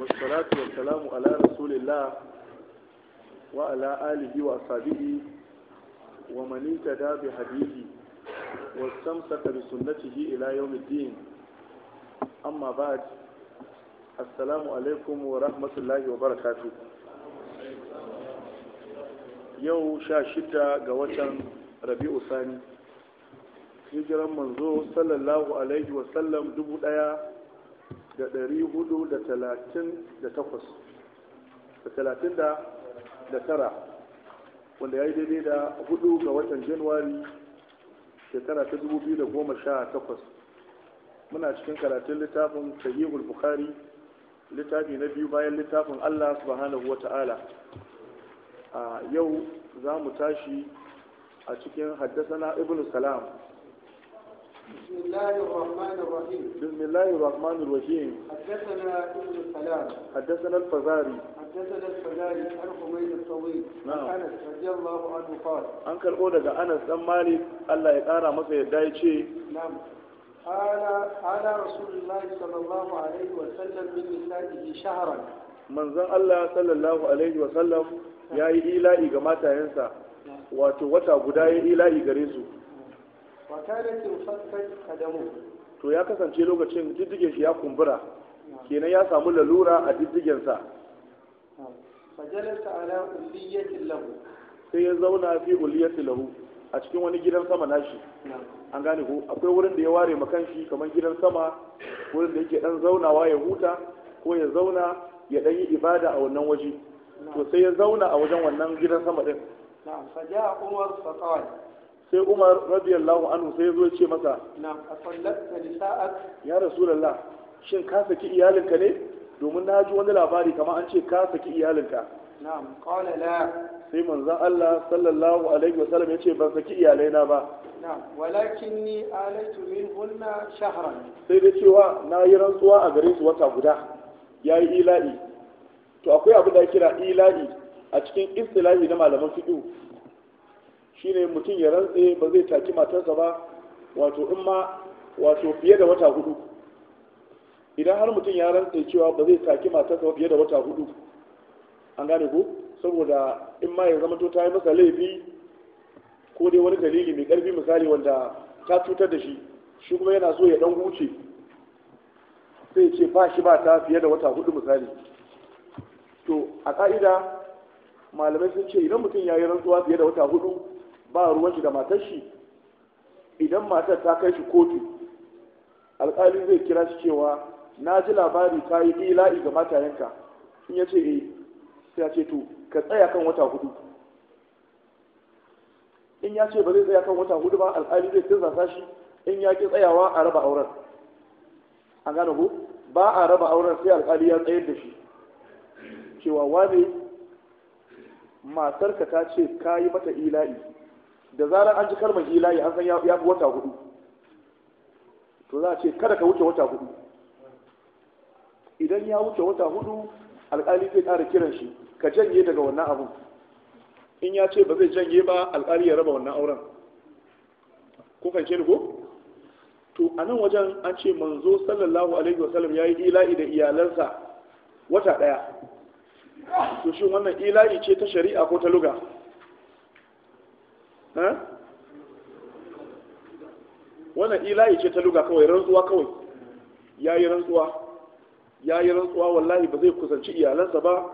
والصلاة والسلام على رسول الله وعلى آله وأصحابه ومن اهتدى بهديه واستمسك بسنته إلى يوم الدين أما بعد السلام عليكم ورحمة الله وبركاته يو شاشتا قوشا ربيع ثاني rabi'u sani hijiran manzo sallallahu alaihi wasallam dubu daya da ɗari hudu da talatin da takwas da talatin da tara wanda ya yi daidai da hudu ga watan januwari shekara ta dubu biyu da goma sha takwas muna cikin karatun littafin sahihul bukhari littafi na biyu bayan littafin allah subhanahu wa ta'ala a yau za mu tashi a cikin haddasa na ibn salam بسم الله الرحمن الرحيم بسم الله الرحمن الرحيم حدثنا ابن السلام حدثنا الفزاري حدثنا الفزاري عن حميد الطويل نعم انس رضي الله عنه قال عن كالقول انس بن مالك الله يقارى مسا يدا يشي نعم قال قال رسول الله صلى الله عليه وسلم من نسائه شهرا من زن الله صلى الله عليه وسلم يا إلهي جماعة ينسى wato wata guda ya ilahi gare su to ya kasance lokacin diddigen shi ya kumbura kenan ya samu lalura a diddigen sa sai ya zauna fi uliyatin lahu a cikin wani gidan sama nashi an gane ko akwai wurin da ya ware makan shi kamar gidan sama wurin da yake dan zaunawa ya huta ko ya zauna ya dan yi ibada a wannan waje to sai ya zauna a wajen wannan gidan sama din na'am faja umar fatawai sai umar radiyallahu anhu sai ya zo ce masa na asallatta nisa'ak ya rasulullah shin ka saki iyalinka ne domin na ji wani labari kamar an ce ka saki iyalinka na'am qala la sai manzon Allah sallallahu alaihi wasallam ya ce ban saki iyalaina ba na'am walakinni alaitu minhunna shahran sai da cewa na yi rantsuwa a gare su wata guda yayi ila'i to akwai abu da kira ila'i a cikin istilahi na malaman fiqh shine mutum ya rantse ba zai taki matarsa ba wato in ma wato fiye da wata hudu idan har mutum ya rantse cewa ba zai taki matarsa ba fiye da wata hudu an gane ko saboda in ma ya zama to ta yi masa laifi ko dai wani dalili mai karfi misali wanda ta cutar da shi shi kuma yana so ya dan huce sai ce ba shi ba ta fiye da wata hudu misali to a ka'ida malamai sun ce idan mutum ya yi rantsuwa fiye da wata hudu ba ruwan shi da matar shi idan matar ta kai shi kotu alƙali zai kira shi cewa na ji labari ta yi ila'i ga matayenka in ya ce eh sai ya ce to ka tsaya kan wata hudu in ya ce ba zai tsaya kan wata hudu ba alƙali zai sa shi in ya ki tsayawa a raba auren an gane ku ba a raba auren sai alƙali ya tsayar da shi cewa wane matarka ta ce ka yi mata ila'i da zarar an ji kalmar ilahi an san ya fi wata hudu to za a ce kada ka wuce wata hudu idan ya wuce wata hudu alƙali zai kara kiran shi ka janye daga wannan abun in ya ce ba zai janye ba alkali ya raba wannan auren ko kan ce ko to a nan wajen an ce manzo sallallahu alaihi wasallam ya yi da iyalansa wata ɗaya to shi wannan ilahi ce ta shari'a ko ta luga wannan ilayi ce ta luga kawai rantsuwa kawai ya yi rantsuwa ya yi rantsuwa wallahi ba zai kusanci iyalansa ba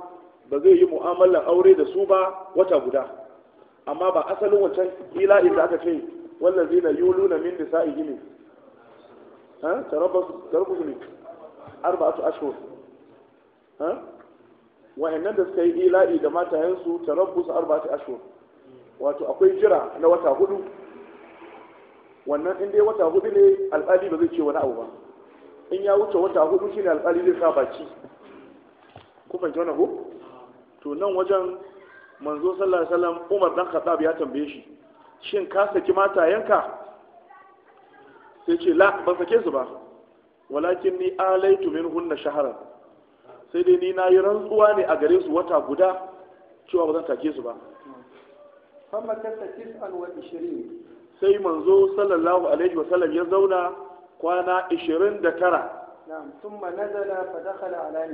ba zai yi mu'amalan aure da su ba wata guda amma ba asalin wancan ilayi da aka ce wannan zina yulu na min nisa'i ne ha su ne arba'atu ashhur ha wa'annan da suka yi ila'i da matayensu tarabbasu arba'atu ashhur wato akwai jira na wata hudu wannan in dai wata hudu ne alƙali ba zai ce wani abu ba in ya wuce wata hudu shine alƙali zai sa baki ku fahimci wannan ko to nan wajen manzo sallallahu alaihi wasallam Umar dan Khattab ya tambaye shi shin ka saki mata yanka? sai ce la ban sake su ba walakin ni alaitu minhunna shahara. sai dai ni nayi rantsuwa ne a gare su wata guda cewa ba zan take su ba fama kasa tis'an wa ishirin sai manzo sallallahu alaihi wasallam ya zauna kwana ishirin da tara na'am thumma nazala